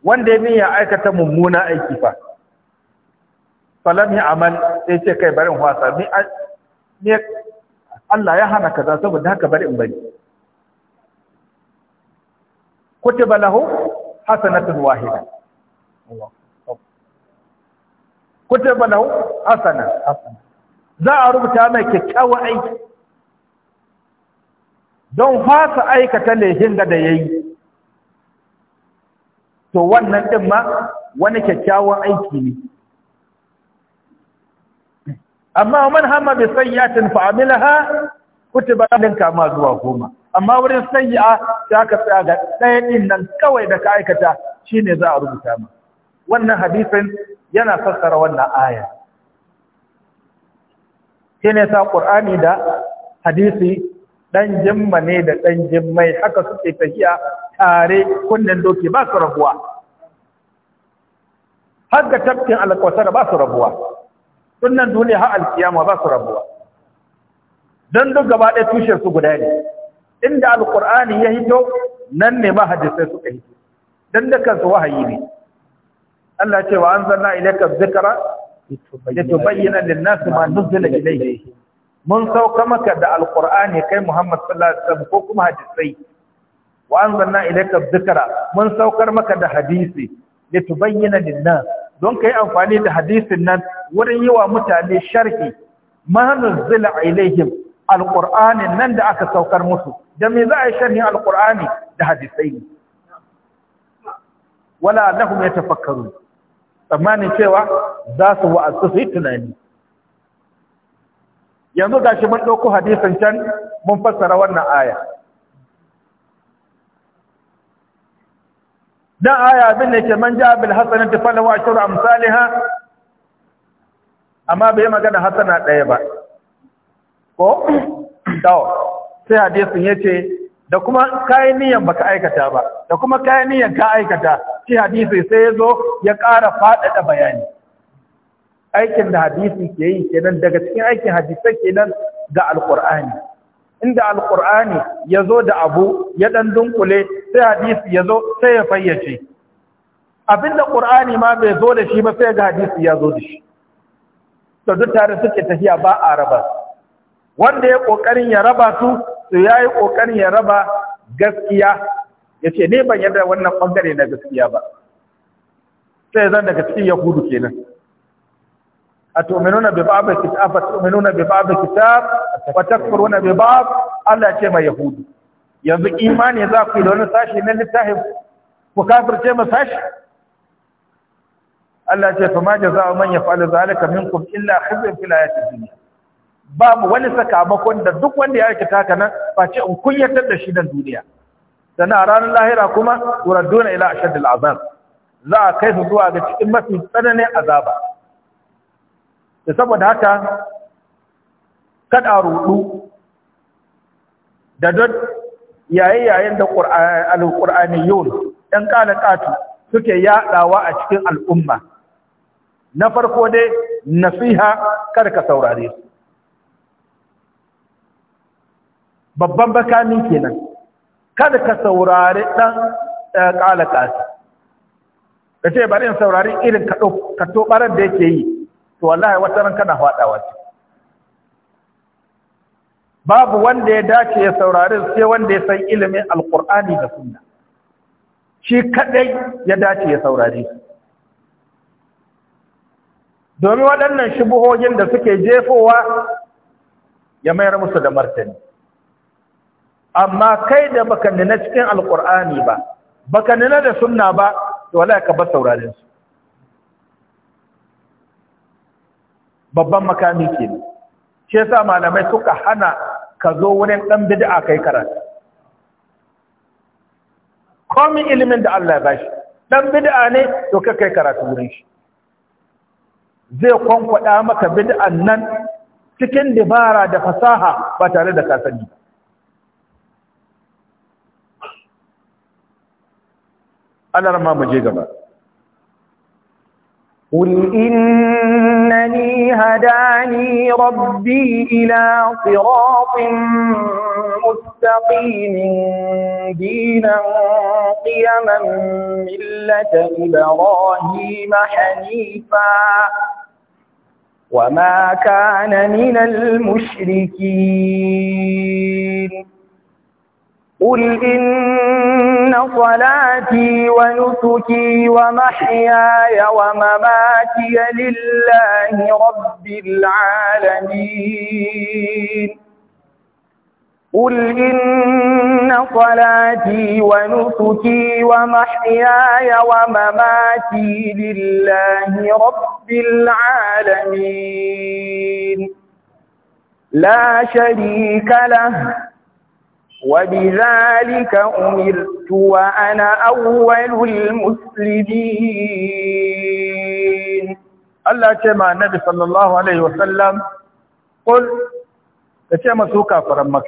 wanda ne ya aikata mummuna aiki fa falam ya amal sai ce kai barin wasa ni Allah ya hana kaza saboda haka bari in bari kutiba lahu hasanatun wahida kutiba lahu hasana za a rubuta mai kyakkyawan aiki don fasa aikata lehin da da yi, to wannan din ma wani kyakkyawan aiki ne amma man hamma bi sayyatin fa amilaha kutiba lahu kama zuwa goma amma wurin sayyi'a ta ka tsaya ga ɗaya ɗin nan kawai da ka aikata shine za a rubuta ma wannan hadisin yana sassara wannan aya ne sa ƙur'ani da hadisi ɗan jimma ne da ɗan jimmai haka suke tafiya tare kunnen doki ba su rabuwa har ga tafkin alƙawasar ba su rabuwa sunan duniya har alkiyama ba su rabuwa don duk gaba ɗaya tushen su guda ne inda Alƙur'ani ya hito nan ne mahadisai suka hito dan da kansu wahayi ne Allah ce wa anzalna ilayka dhikra litubayyana lin-nasi ma nuzila ilayhi mun sauka maka da Alƙur'ani kai Muhammad sallallahu alaihi wasallam ko kuma hadisai wa anzalna ilayka dhikra mun saukar maka da hadisi litubayyana lin-nas don kai amfani da hadisin nan wurin yi wa mutane sharhi ma nuzila ilaihim alqur'anin nan da aka saukar musu da me za a yi sharhin alqur'ani da hadisai wala lahum tafakkaru, tsammanin cewa za su wa'azu su yi tunani yanzu gashi mun ɗauko hadisin can mun fassara wannan aya dan aya abin da ke man ja bil hasanati a ashru amsalha amma bai magana hasana ɗaya ba ko dawo sai hadisin ya ce da kuma kayan niyan baka aikata ba da kuma kayan niyan ka aikata shi hadisi sai ya zo ya ƙara faɗaɗa bayani aikin da hadisi ke yi kenan daga cikin aikin hadisai kenan ga alƙur'ani inda alƙur'ani ya zo da abu ya ɗan dunkule sai hadisi ya zo sai ya fayyace abinda ƙur'ani ma bai zo da shi ba sai ga hadisi ya zo da shi da tare suke tafiya ba a raba wanda ya ƙoƙarin ya raba su to ya yi ƙoƙarin ya raba gaskiya ya ce ne ban yarda wannan bangare na gaskiya ba sai zan daga cikin yahudu kenan a tu'minuna bi ba'd kitab a kitab a takfuruna bi Allah ce mai yahudu yanzu imani za ku yi da wani sashi na littafin ku kafirce ma sashi Allah ce fa ma za man yaf'alu zalika minkum illa khizyun fil hayatid dunya babu wani sakamakon da duk wanda ya aikata haka nan face in kunyatar da shi nan duniya sannan a ranar lahira kuma turadduna ila ashaddil azab za a kai su zuwa ga cikin mafi tsananin azaba da saboda haka kada rudu da duk yayin da alqur'aniyun dan katu suke yaɗawa a cikin al'umma na farko dai nasiha kada ka saurare su babban bakami kenan kada ka saurari ɗan eh, ƙala ka bari in saurari irin ka barar da yake yi to wallahi wata ran kana faɗawa ce babu wanda ya dace ya saurari sai wanda ya san ilimin alƙur'ani da sunna shi kaɗai ya dace ya saurari domin waɗannan shubuhohin da suke jefowa ya mayar musu da martani amma kai da baka nuna cikin alkur'ani ba baka nuna da sunna ba to wallahi ka bar sauraren su babban makami ke ne shi yasa malamai suka hana ka zo wurin dan bid'a kai karatu komi ilimin da Allah ya bashi dan bid'a ne to ka kai karatu wurin shi zai kwankwada maka bid'an nan cikin dibara da fasaha ba tare da kasani ba أنا رمى مجيدا قل إنني هداني ربي إلى صراط مستقيم دينا قيما ملة إبراهيم حنيفا وما كان من المشركين قل إن صلاتي ونسكي ومحياي ومماتي لله رب العالمين قل إن صلاتي ونسكي ومحياي ومماتي لله رب العالمين لا شريك له وبذلك أمرت وأنا أول المسلمين الله كما النبي صلى الله عليه وسلم قل كما سوكا فرمك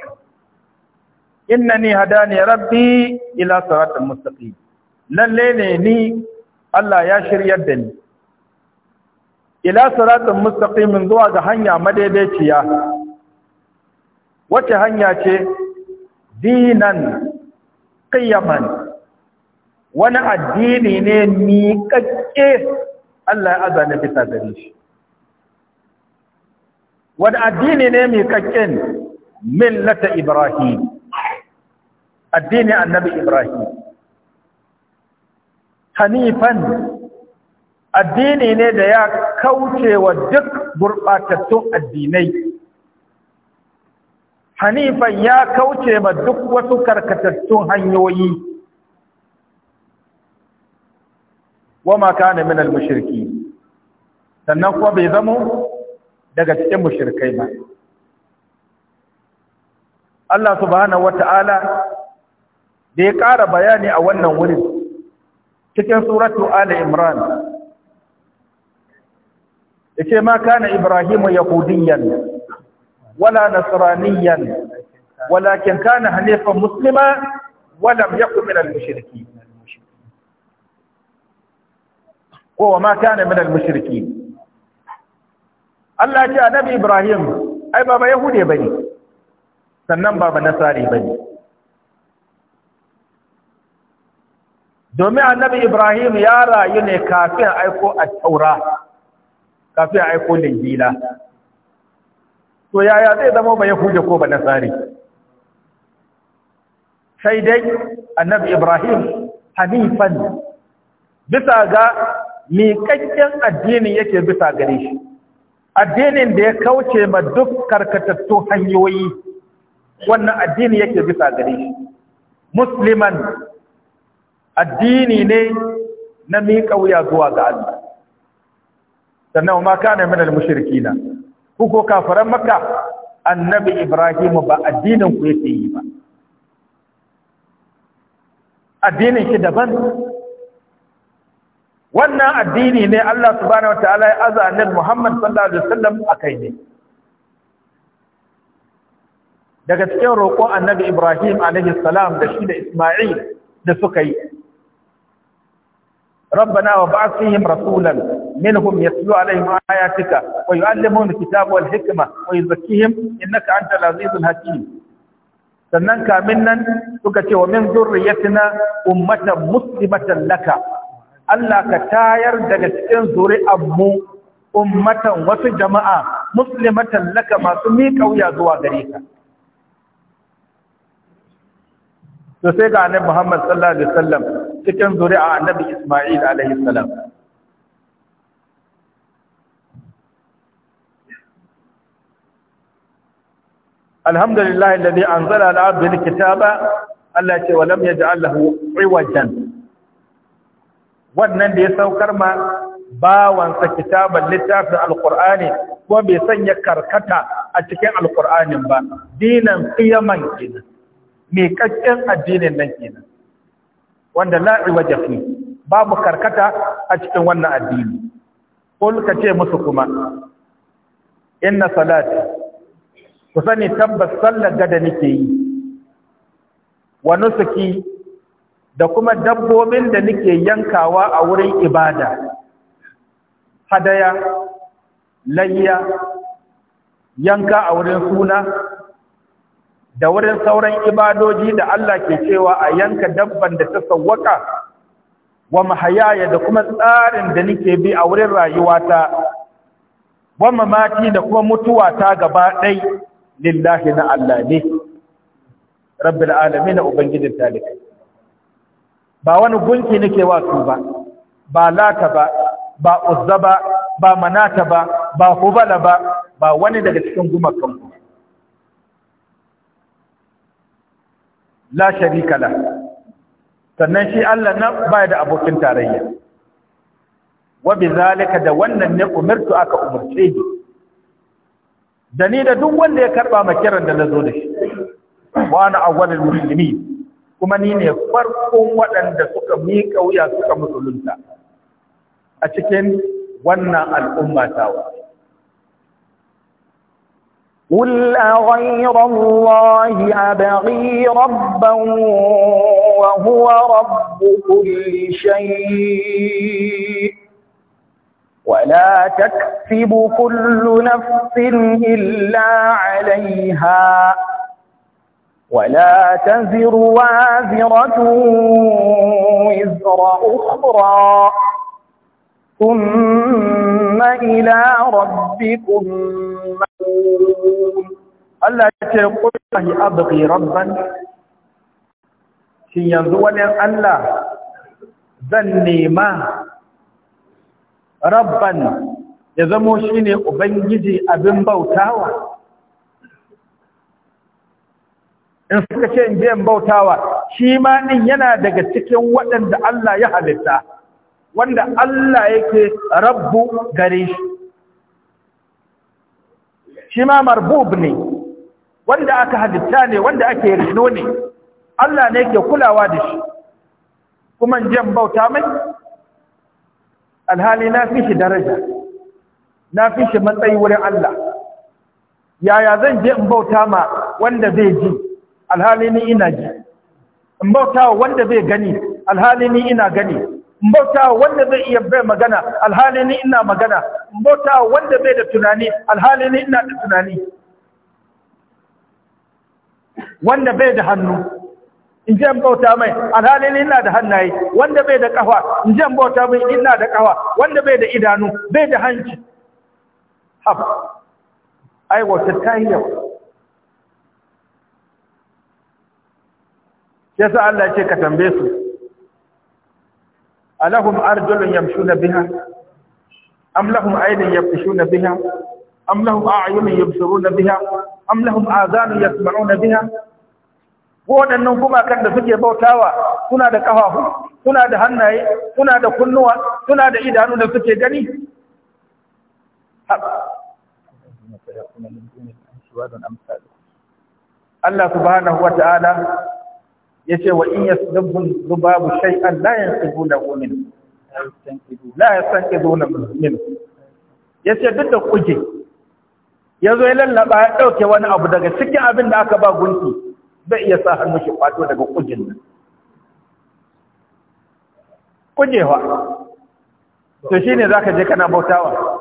إنني هداني ربي إلى صراط المستقيم لليني ني الله يا شريدني إلى صراط المستقيم من ذوى هنيا مديدتيا وتهنيا تي dinan qiyaman wani addini ne miƙaƙƙe Allah ya azana bisa gare shi wani addini ne miƙaƙƙen millata Ibrahim addini annabi Ibrahim hanifan addini ne da ya kauce wa duk gurɓatattun addinai hanifan ya kauce ma duk wasu karkatattun hanyoyi wama kana min al-mushriki sannan kuma bai zamo daga cikin mushrikai ba Allah subhanahu wata'ala da ya ƙara bayani a wannan wurin cikin suratu Ali Imran yace ma kana Ibrahimu yahudiyan ولا نصرانيا ولكن كان حنيفا مسلما ولم يكن من المشركين هو ما كان من المشركين الله جاء نبي إبراهيم أي بابا يهودي بني sannan ba ba nasari ba ne domin annabi ibrahim ya rayu ne kafin aiko a taura kafin aiko linjila to yaya zai zama ba yahuda ko ba nasari sai dai annabi ibrahim hanifan bisa ga miƙaƙƙen addini yake bisa gare shi addinin da ya kauce ma duk karkatattun hanyoyi wannan addini yake bisa gare shi musliman addini ne na miƙa wuya zuwa ga Allah sannan ma kana min al-mushrikina kuko kafaran makka annabi ibrahim ba addinin ku yake yi ba addinin shi daban wannan addini ne Allah subhanahu wataala ya aza annabi Muhammad sallallahu alaihi wasallam akai ne daga cikin roƙon annabi Ibrahim alaihi salam da shi da Isma'il da suka yi rabbana wa ba'ath fihim rasulan منهم يتلو عليهم آياتك ويعلمهم الكتاب والحكمة ويزكيهم إنك أنت العزيز الحكيم sannan kamin nan suka ce wa min zurriyatina ummatan muslimatan laka Allah ka tayar daga cikin zuri'anmu ummatan wasu jama'a muslimatan laka masu miƙa wuya zuwa gare ka ga annabi Muhammad sallallahu alaihi wasallam cikin zuri'a annabi Isma'il alaihi salam alhamdulillah alladhi anzala ala abdihi kitaba Allah ce wa lam yaj'al lahu iwajan wannan da ya saukar ma bawansa kitaban littafin alqur'ani kuma bai sanya karkata a cikin alqur'anin ba dinan qiyaman kenan mai kakken addinin nan kenan wanda la iwaja fi babu karkata a cikin wannan addini Ko ka ce musu kuma inna salati ku sani tabbas sallar gada nake yi wa nusuki da kuma dabbobin da nake yankawa a wurin ibada hadaya layya yanka a wurin suna da wurin sauran ibadoji da Allah ke cewa a yanka dabban da ta sawwaka wa mahayaya da kuma tsarin da nake bi a wurin rayuwata wa da kuma mutuwata gaba ɗaya. lillahi na Allah ne rabbil alamin na ubangijin talibai ba wani gunki nake wa su ba ba lata ba ba uzza ba ba manata ba ba hubala ba ba wani daga cikin guma ku la sharika la sannan shi Allah na baya da abokin tarayya wa zalika da wannan ne umurtu aka umurce ni da ni da duk wanda ya karba ma kiran da zo da shi wa ana awwalul muslimin kuma ni ne farkon waɗanda suka miƙa wuya suka musulunta a cikin wannan al'umma tawa قل أغير الله أبغي ربا وهو رب كل شيء ولا تكسب كل نفس إلا عليها ولا تزر وازرة وزر أخرى ثم إلى ربكم مرون ألا تقول الله أبغي ربا شيئا ذولا أن لا ما rabban ya zamo shi ne ubangiji abin bautawa in suka ce in je in bautawa shi ma ɗin yana daga cikin waɗanda Allah ya halitta wanda Allah yake rabbu gare shi shi ma marbub ne wanda aka halitta ne wanda ake rino ne Allah ne ke kulawa da shi kuma in je in bauta mai alhali na fi shi daraja na fi shi matsayi wurin Allah yaya zan je in bauta ma wanda zai ji alhali ni ina ji in bauta wa wanda zai gani alhali ni ina gani in bauta wa wanda zai iya bai magana alhali ni ina magana in bauta wa wanda bai da tunani alhali ni ina da tunani wanda bai da hannu in je bauta mai alhalin ina da hannaye wanda bai da kafa in je bauta mai ina da kafa wanda bai da idanu bai da hanci hab ai wata Ya yasa Allah ce ka tambaye su alahum arjulun yamshuna biha am lahum aynun yabshuna biha am lahum a'yunun yabsuruna biha am lahum azanun yasma'una biha waɗannan gumakan da suke bautawa suna da ƙafafu suna da hannaye suna da kunnuwa suna da idanu da suke gani Allah subhanahu wa ta'ala ya ce wa in yasdubun zubabu shay'an la yansibuna min la yasanqiduna min ya ce duk da kuje ya zo ya lallaba ya ɗauke wani abu daga cikin abin da aka ba gunki zai iya sa hannu shi kwato daga kujin nan kujewa to shi ne za ka je kana bautawa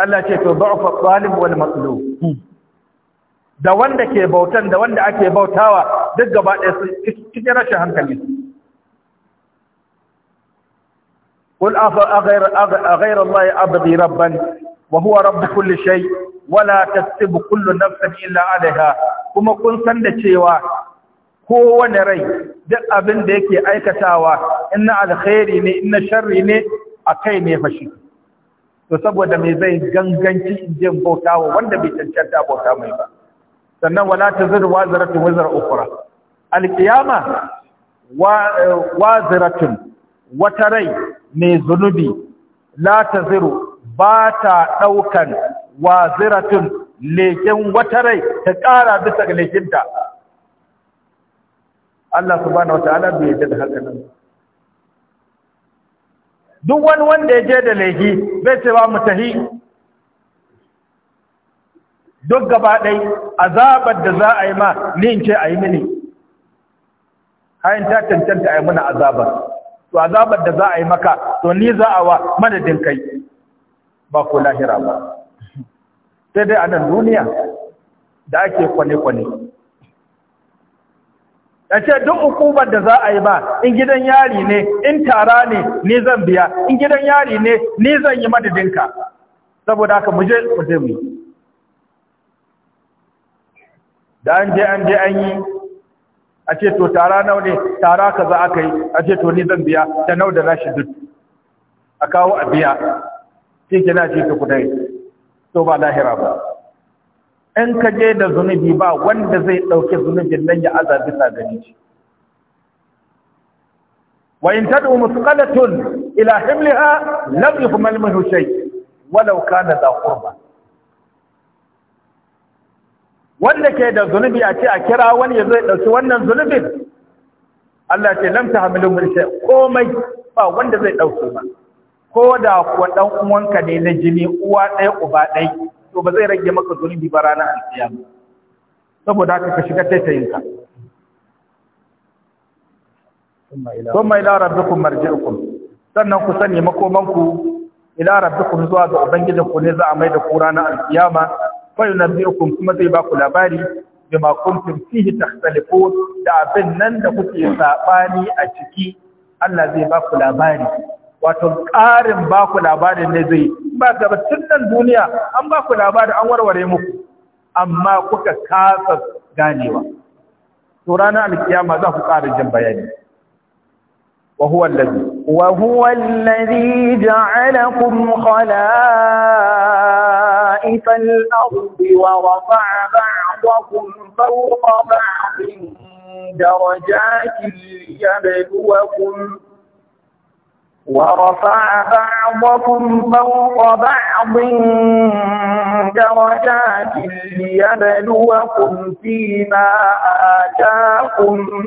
Allah ce to ba'ufa ɗalib wal matsalo da wanda ke bautan da wanda ake bautawa duk gaba ɗaya su cikin rashin hankali قل أغير, أغير abu rabban, wa huwa رب kulli شيء wala tasibu kullu nafsin illa alaiha kuma kun san da cewa kowane rai duk abin da yake aikatawa inna alkhairi ne inna sharri ne a kai ne fashi to saboda me zai ganganci in je bautawa wanda bai cancanta bauta mai ba sannan wala taziru wazratu wazra ukura, alqiyama waziratun wata rai mai zunubi la taziru ba ta ɗaukan waziratun leken wata rai ta ƙara bisa ga lekinta Allah subhanahu wataala bai yadda da haka nan duk wani wanda ya je da leki bai ce ba mu duk gaba ɗai azabar da za a yi ma ni in ce a yi mini hayin ta cancanta a yi mana azabar to azabar da za a yi maka to ni za a wa madadin kai ba ko lahira ba sai dai a nan duniya da ake kwane-kwane a ce duk hukumar da za a yi ba in gidan yari ne in tara ne ni zan biya in gidan yari ne ni zan yi madadinka saboda haka muje je mu da an je an je an yi a ce to tara nau ne tara kaza aka yi a ce to ni zan biya da nau da nashi duk a kawo a biya shi ke na ce ta kudai to ba lahira ba in ka je da zunubi ba wanda zai ɗauki zunubin nan ya azabi bisa gani shi wa in tad'u musqalatun ila himliha lam yuhmal minhu shay walau kana za qurba wanda ke da zunubi a ce a kira wani ya zai dauki wannan zunubin Allah ce lam tahmilu min shay komai ba wanda zai dauke ba ko da kuwa ɗan uwanka ne na jini uwa ɗaya uba ɗai, to ba zai rage maka zunubi ba ranar alkiyama saboda haka ka shiga taitayinka ثم ila rabbikum marji'ukum sannan ku sani makomanku ila rabbikum zuwa ga ku ne za a maida ku ranar alkiyama fa yunabbiukum kuma zai ba ku labari bima kuntum fihi tahtalifun da abin nan da kuke sabani a ciki Allah zai ba ku labari wato ƙarin ba ku labarin ne zai ba ka ba tun nan duniya an ba ku labarin an warware muku amma kuka kasa ganewa to ranar alkiyama za ku ƙara jin bayani wa huwa allazi wa huwa allazi ja'alakum khala'ifal ardi wa rafa'a ba'dakum fawqa ba'din darajati yabluwakum ورفع بعضكم فوق بعض درجات ليبلوكم فيما آتاكم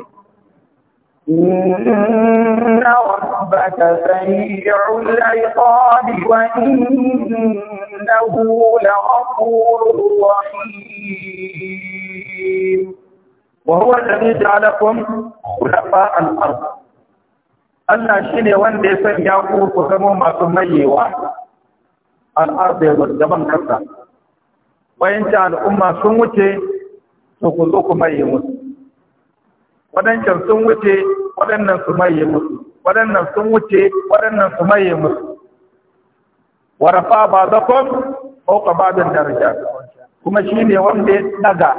إن ربك سريع العقاب وإنه لغفور رحيم وهو الذي جعلكم خلفاء الأرض Allah shi ne wanda ya san ya ku ku zama masu mayewa al'adar gaban kasa bayanta al'umma sun wuce su ku zo ku maye musu waɗancan sun wuce waɗannan su maye musu waɗannan sun wuce waɗannan su maye musu warafa ba zakon fauka babin daraja kuma shi ne wanda ya daga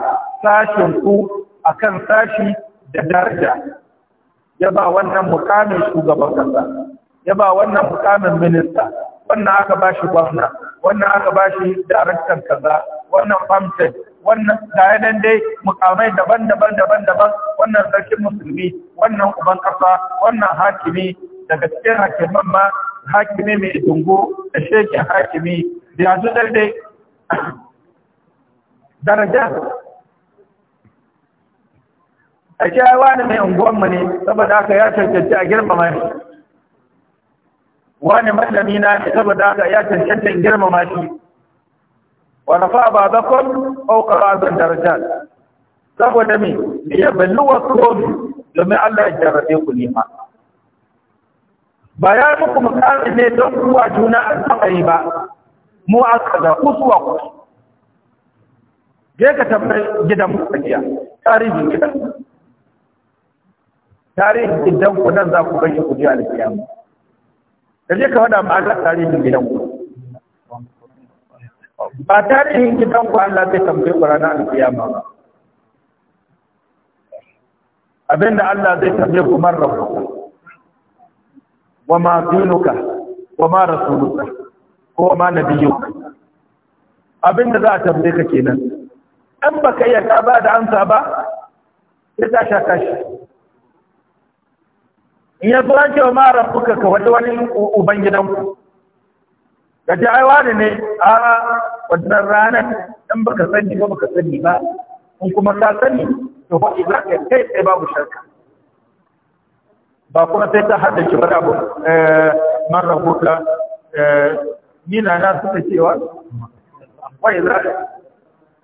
sashen ku akan sashi da daraja ya ba wannan mukamin shugaban kasa ya ba wannan mukamin minista wannan aka ba shi gwamna wannan aka ba shi daraktan kaza wannan famtin wannan dayanan dai mukamai daban-daban daban-daban wannan sarkin musulmi wannan uban kasa wannan hakimi daga cikin hakiman ma hakimi mai dungo da shekin hakimi da yanzu dai daraja a ce ai wani mai unguwanmu ne saboda haka ya cancanci a girmama shi wani malami na ne saboda haka ya cancanci in girmama shi wa rafa ba zakon ba zan darajar saboda me da ya balli wasu rodu domin Allah ya jarrabe ku nema ba ya muku ƙara ne don kuwa juna samari ba mu aka da kusuwa ku je ka tambayi gidan mu mutakiya tarihin gidan tarihin gidan ku nan za ku gaishe ku je alkiyama da je ka faɗa ma Allah tarihin gidan ku ba tarihin gidan ku Allah zai tambaye ku ranar alkiyama ba abinda Allah zai tambaye ku man wa ma dinuka wa ma rasuluka ko ma nabiyuka abinda za a tambaye ka kenan an baka iya ba da amsa ba sai ta shaka kashi in ya zo wa mara kuka ka wata wani ubangidanku ku. ce ai ne a wannan ranar dan baka sani ba baka sani ba in kuma ka sani to ba za ka kai sai babu shakka ba kuma sai ta hada shi bara eh, mara kuka eh, nina na suka cewa wai za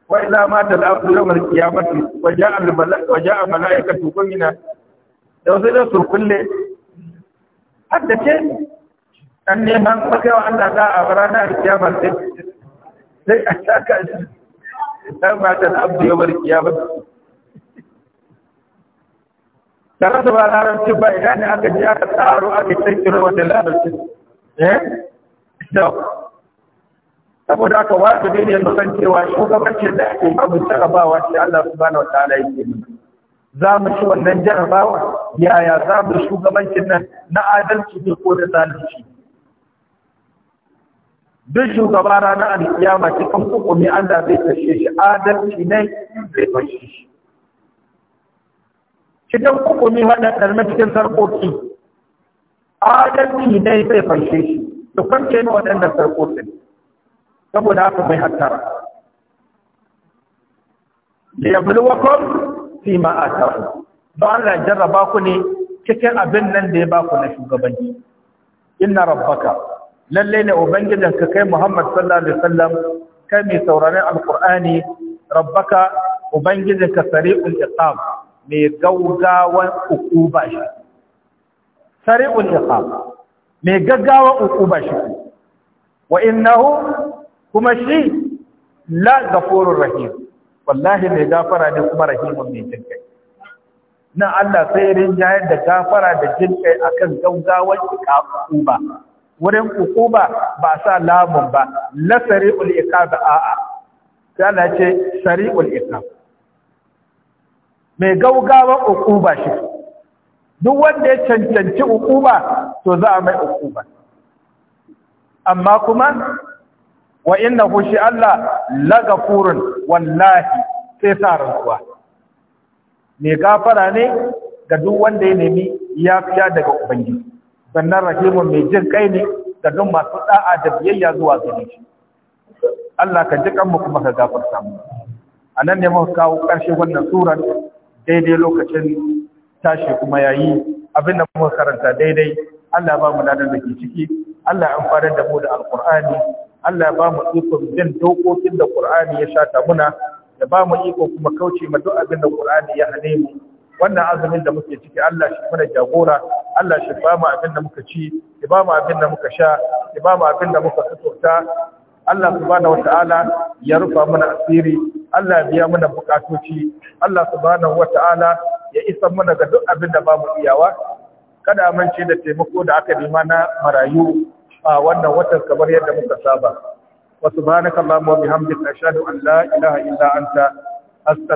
wai za ma da abu yawar kiyamati wajen mala'ikatu gwamina da wasu da surkulle haddace dan neman makawa Allah za a rana da kiyama sai a shaka shi mata na abu ya bar kiyama da rasa ba larabci ba idan ne aka ji aka tsaro aka kirkiro wanda larabci eh saboda aka wajibi daidai mu kan cewa shugabancin da ake babu sarrafawa shi Allah subhanahu wa ta'ala yake mana za mu ci wannan jarabawa yaya za mu shugabancin nan na adalci ne ko na zalunci duk shugaba ranar alkiyama cikin hukumi Allah zai tashe shi adalci ne zai tashe shi cikin hukumi wanda karmi cikin sarkoki adalci ne zai tashe shi da kwanke ne waɗannan sarkokin saboda haka mai hattara liyabluwakum fi ma'ataku ba Allah jarraba ku ne cikin abin nan da ya ba ku na shugabanci inna rabbaka lalle ne ubangijin ka kai Muhammad sallallahu alaihi wasallam kai mai sauraron alqur'ani rabbaka ubangijin ka sari'ul iqab mai gaugawan ukuba shi sari'ul iqab mai gaggawan ukuba shi wa innahu kuma shi la ghafurur rahim wallahi mai gafara ne kuma rahimun mai jin kai na Allah sai rinjayar da gafara da jin kai akan gaugawar ukuba wurin ukuba ba sa lamun ba la sari'ul iqab a'a sai Allah ce sari'ul iqab mai gaugawar ukuba shi duk wanda ya cancanci ukuba to za a mai ukuba amma kuma wa na shi Allah lagafurun wallahi sai sa rantsuwa mai gafara ne ga duk wanda ya nemi yafiya daga ubangiji sannan rahimun mai jin kai ne ga duk masu da'a da biyayya zuwa gare shi Allah ka ji kanmu kuma ka gafarta mu anan ne muka kawo ƙarshe wannan surar daidai lokacin tashi kuma yayi da muka karanta daidai Allah ba mu da ke ciki Allah ya amfana da mu da alqur'ani Allah ya ba mu ikon bin dokokin da Qur'ani ya shata muna da ba mu iko kuma kauce ma duk abin da Qur'ani ya hane mu wannan azumin da muke ciki Allah shi mana jagora Allah shi ba mu abin da muka ci ya ba mu abin da muka sha ya ba mu abin da muka fitota Allah subhanahu wataala ya rufa mana asiri Allah ya biya mana bukatoci Allah subhanahu wataala ya isa mana ga duk abin da ba mu iyawa kada amince da taimako da aka nema na marayu a wannan watan kamar yadda muka saba wasu subhanakallahumma wa bihamdika ashhadu an la ilaha illa anta